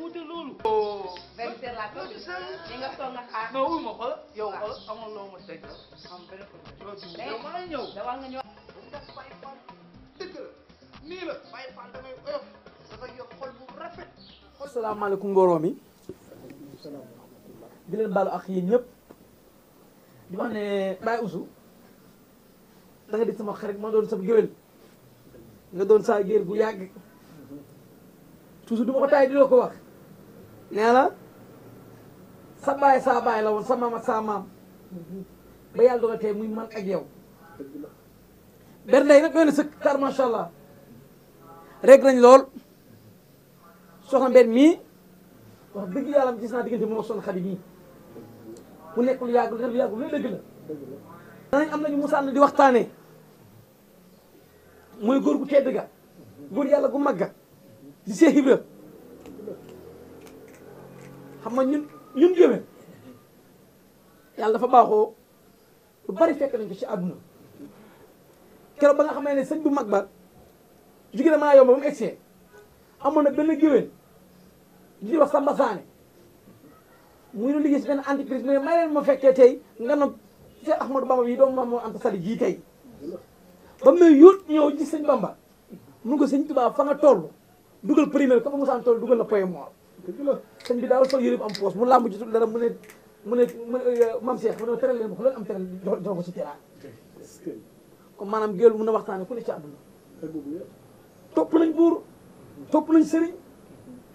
wute loolu. Oh. verser la nga toog nga xaar. non wuy ak yéen ñëpp di wax ne Baye Oussou da nga di sama xarit ma doon sama géwél nga doon saa géer bu yàgg toujours du ko taay di la ko wax. nee na sa baay saa la woon sa maam ak ba yàlla dogal tey muy man ak yow bernde yi nag doy na sëkk car macha allah reg nañ lool soxna mbenn mii wax dëgg yàlla gis naa diggante moom soxna xadi mii mu nekk lu yàgg lu lu dëgg la danañ am nañu musa na di waxtaane muy góor gu tedd ga góor yàlla gu mag ga di Seex Ibra xam nga ñun ñun géwél yàlla dafa baaxoo lu bari fekk nañ ko ci àdduna keroog ba nga xamee ne sëñ bu mag ba jigéen na maa yomb ba mu egsee amoon na benn géwél di wax Samba Saane muy nu liggéey si benn entreprise mu ne may leen ma fekkee tey nga na Cheikh Ahmadou Bamba bi doomu Maam Mor Anta Sali jii tey ba muy yóot ñëw gis sëñ Bamba mun ko sëñ Tuubaa fa nga toll dugal première ko fa mu saan toll dugal la poye moor dëgg la sëñ bi daawul sol yëre bu am poos bu làmb ci dara mu ne mu ne euh, mam Cheikh mu ne teral leen ko loolu am teral jox ko ci teraa comme maanaam géwél mën a waxtaane ku ne ci àdduna topp nañ buur topp nañ sëriñ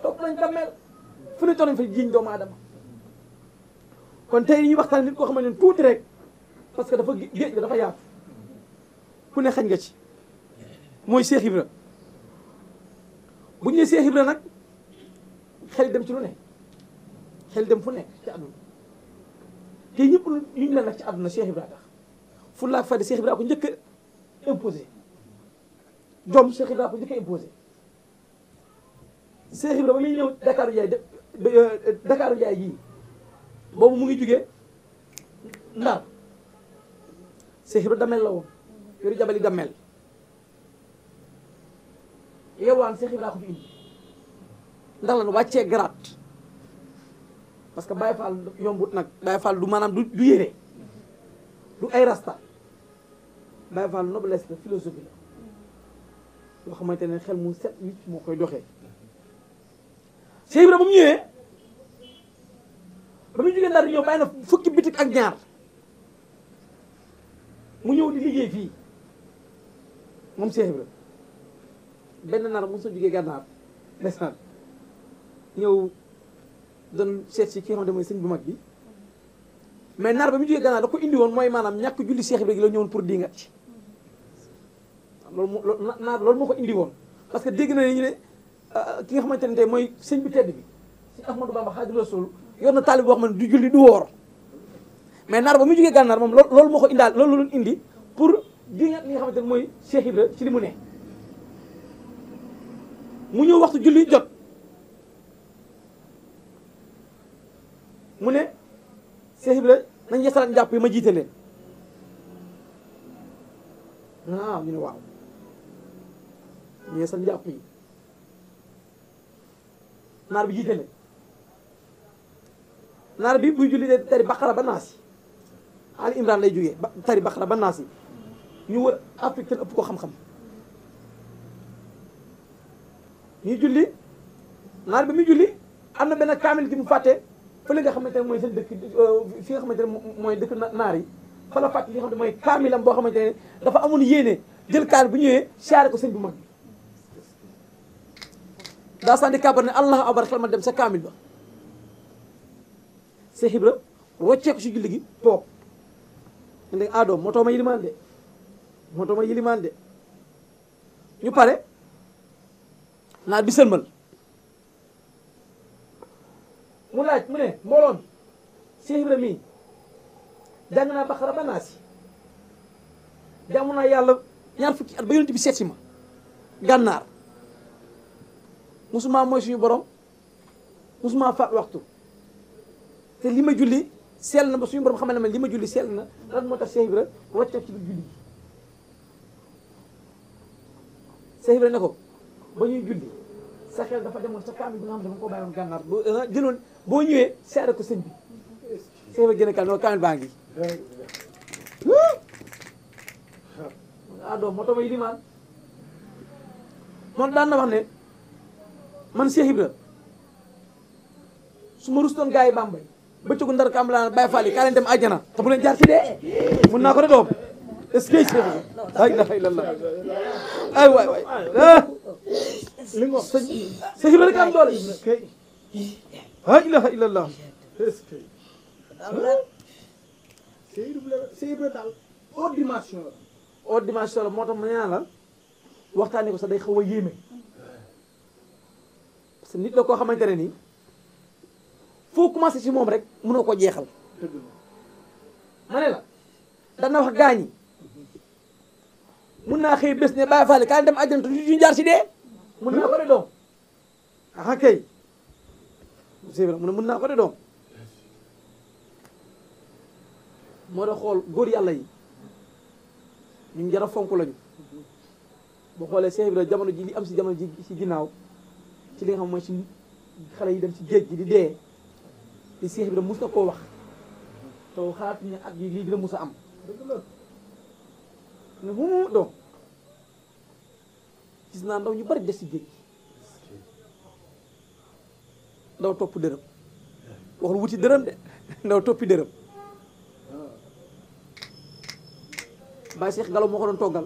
topp nañ dammeel fu ne tonañ fa jiñ doomu aadama kon tey ñuy waxtaan nit ko xamante ne tuuti rek parce que dafa géej ga dafa yaatu ku ne xañ nga ci mooy Cheikh Ibra bu ñu ne Cheikh nag xel dem ci lu ne xel dem fu nekk ci àdduna te ñëpp yu ñu ci àdduna Cheikh Ibra tax fu laa fayda Cheikh Ibra ko njëkk a imposé jom Cheikh Ibra ko njëkk a imposé ba euh, mu ngi jugee Ndar Cheikh Ibra damel la woon yoru jabali damel yewaan Cheikh Ibra indi ndax lan wàccee garaat parce que Baye Fall yombut nag Baye Fall du maanaam du du yére du ay rasta Baye Fall noblesse la philosophie la yoo xamante ne xel mu set wicc moo koy doxee Cheikh Ibra ba mu ñëwee ba mu jógee Ndar ñëw bàyyi na fukki bitik ak ñaar mu ñëw di liggéey fii moom Cheikh benn nar mu sa jógee gànnaar des na ñëw doon seet si ki xamante mooy sëñ bu mag bi mais naar ba mu jógee gannaaw da ko indi woon mooy maanaam ñàkk julli Cheikh Ibrahima la ñëwoon pour dinga ci loolu moo naar loolu moo ko indi woon parce que dégg na ñu ne euh, ki nga xamante ne tey mooy sëñ bi tedd bi sëñ Ahmadou Bamba Xaadimu Rasuul yor na taalib boo xam ne du julli du woor mais naar ba mu jógee gànnaar moom loolu moo ko indaal loolu la indi pour dingat li nga xamante ne mooy Cheikh Ibra ci li mu ne mu ñëw waxtu julli jot mu ne Cheikh Ibra nañ yasalaat njàpp yi ma jiite leen waaw ñu ne naar bi jiite leen naar bi buy julli de tari baqara ba naas yi al imran lay jógee tari baqara ba naas ñu wër Afrique te ëpp xam-xam ñuy julli naar bi muy julli am na benn kaamil gi mu fàtte fële nga xamante nga xamante ne mooy dëkk euh, naar yi fa la fàtt li nga xamante mooy kaamilam boo xamante ne dafa amoon yéene jël kaar bu ñëwee siyaare ko sëñ bu mag daa sànni kaabar ne allahu akbar xel ma dem sa kaamil ba sa xibra roccee ko si julli gi moo tax ma de moo tax ma de ñu pare naar bi sëlmal mu laaj mu ne mbooloon Cheikh Ibra mii jàng naa ba Naas jaamu naa yàlla ñaar fukki at ba yonent bi seet si gànnaar musuma mooy suñu borom musuma faat waxtu te li ma julli sell na ba suñu borom xamal ne man li ma julli sell na lan moo tax Cheikh Ibra wàcce ci biir julli ne ko ba ñuy julli sa xel dafa demoon sa kaamil bi nga xam ne dafa boo euh, jëloon boo ñëwee seere ko sëñ bi sëñ kaamil baa ngi ah doom moo tax ma yilimaan moom daan na wax ne man Cheikh Ibra su ma rustoon gars yi Bambey bëccëgu ndar kaam laa Baye Fall yi kaa leen dem àjjana leen jaar ci dee mun naa ko de doom est-ce que Cheikh ay waay ah. li mu wax sëñ sëñ bi am doole kay la ilaha illallah est-ce que la moo tax ma nee la waxtaanee ko sax day xaw a yéeme parce que nit la koo xamante ne nii foo commencé si moom rek mënoo ko jeexal ma ne la dana wax gaañi mun naa xëy bés ne bàyyi faale kaa dem àjjana ñu jaar si dee mun naa ko de doom aha kay sëñ bi mu ne mun naa ko de doom moo da xool góor yàlla yi ñu jara fonk lañu xoolee sëñ bi jamono ji li am si jamono ji si ginnaaw ci li xam mooy si xale yi dem si géej gi di dee te sëñ bi mus na koo wax te xalaat ne ak yi lii dina mus a am ne humu doom gis naa ndaw ñu bari des ci géej ndaw topp dërëm waxul wuti dërëm de ndaw toppi dërëm Baye Cheikh Galo moo ko doon toggal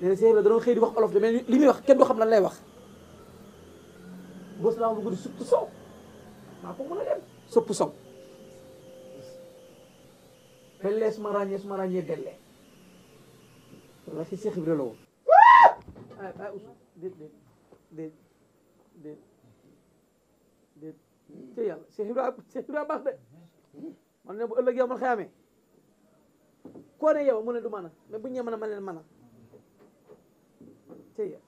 nee na Cheikh la da xëy di wax olof de mais li muy wax kenn du xam lan lay wax boo salaam bu guddi supp sow maa ko mën a dem supp sow bellee su ma ràññee su ma si Cheikh Ibrahima la ah, ah, ah Ousseynou déet déet déet déet déet ca yàlla Cheikh Ibrahima Cheikh Ibrahima baax de man ne bu ëllëg yow man xayaamee koo ne yow mu ne du mën a mais bu ñu mën ma leen mën a ca yàlla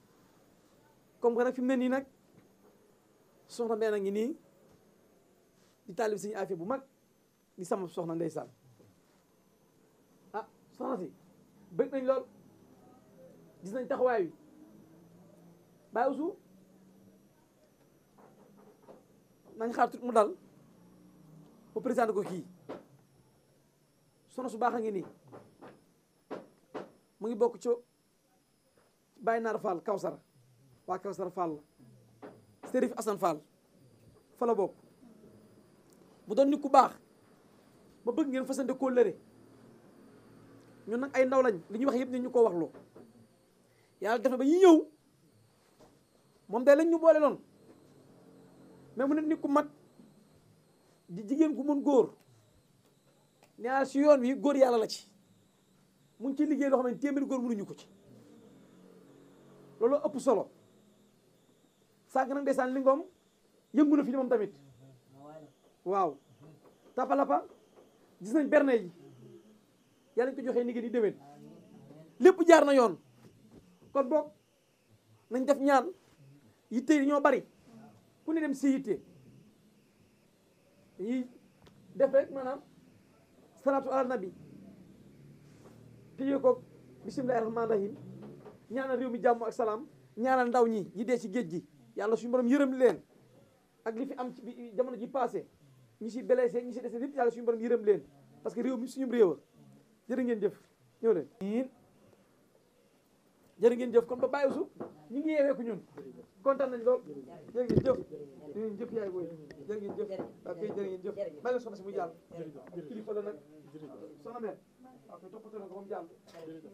comme que fi mu ne nii nag soxna Mbène ngi nii di taalib suñu affaire bu mag di sama soxla ndeysaan ah soxna si bëgg nañ lool gis nañ taxawaay wi bàyyi usu nañ xaar mu dal mu présenté ko kii sono su baax a ngi nii mu ngi bokk ci Baye Naar Fall Kawsara waa Kawsara Fall la Serif Assane Fall bokk mu doon nit ku baax ma bëgg ngeen fasante koo lëre ñun nag ay ndaw lañ li ñuy wax yëpp ni ñu ko wax loo yàlla def na ba ñuy ñëw moom day lañ ñu boole loon mais mu ne nit ku mat di jigéen ku mën góor nee naa si yoon wi góor yàlla la ci mu ngi ci liggéey loo xam ne téeméeri góor mënuñu ko ci loolu ëpp solo sànq nag ndeysaan li ngoom yëngu na fi moom tamit waaw tapalapa gis nañ berne yi yàlla ñu ko joxee ni ngeen di lépp jaar na yoon kon boog nañ def ñaan yitte yi ñoo bari ku ne dem si yitte yi def rek maanaam salaatu ala nabi téye ko bisimilahi rahmaani rahim ñaanal réew mi jàmm ak salaam ñaanal ndaw ñi ñi dee si géej gi yàlla suñu borom yërëm leen ak li fi am ci jamono ji passé ñi si blessé ñi si dese lépp yàlla suñu borom yërëm leen parce que réew mi suñu réew a jërë ngeen jëf ñëw leen jërë ngeen jëf kon ba bàyyi suuf ñu ngi yeeweeku ñun kontaan nañ lool jërë ngeen jëf jërë ngeen jëf yaay booy jërë ngeen jëf waaw kay jërë ngeen jëf may la si mu jàll ba mu jàll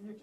ñu yëg ci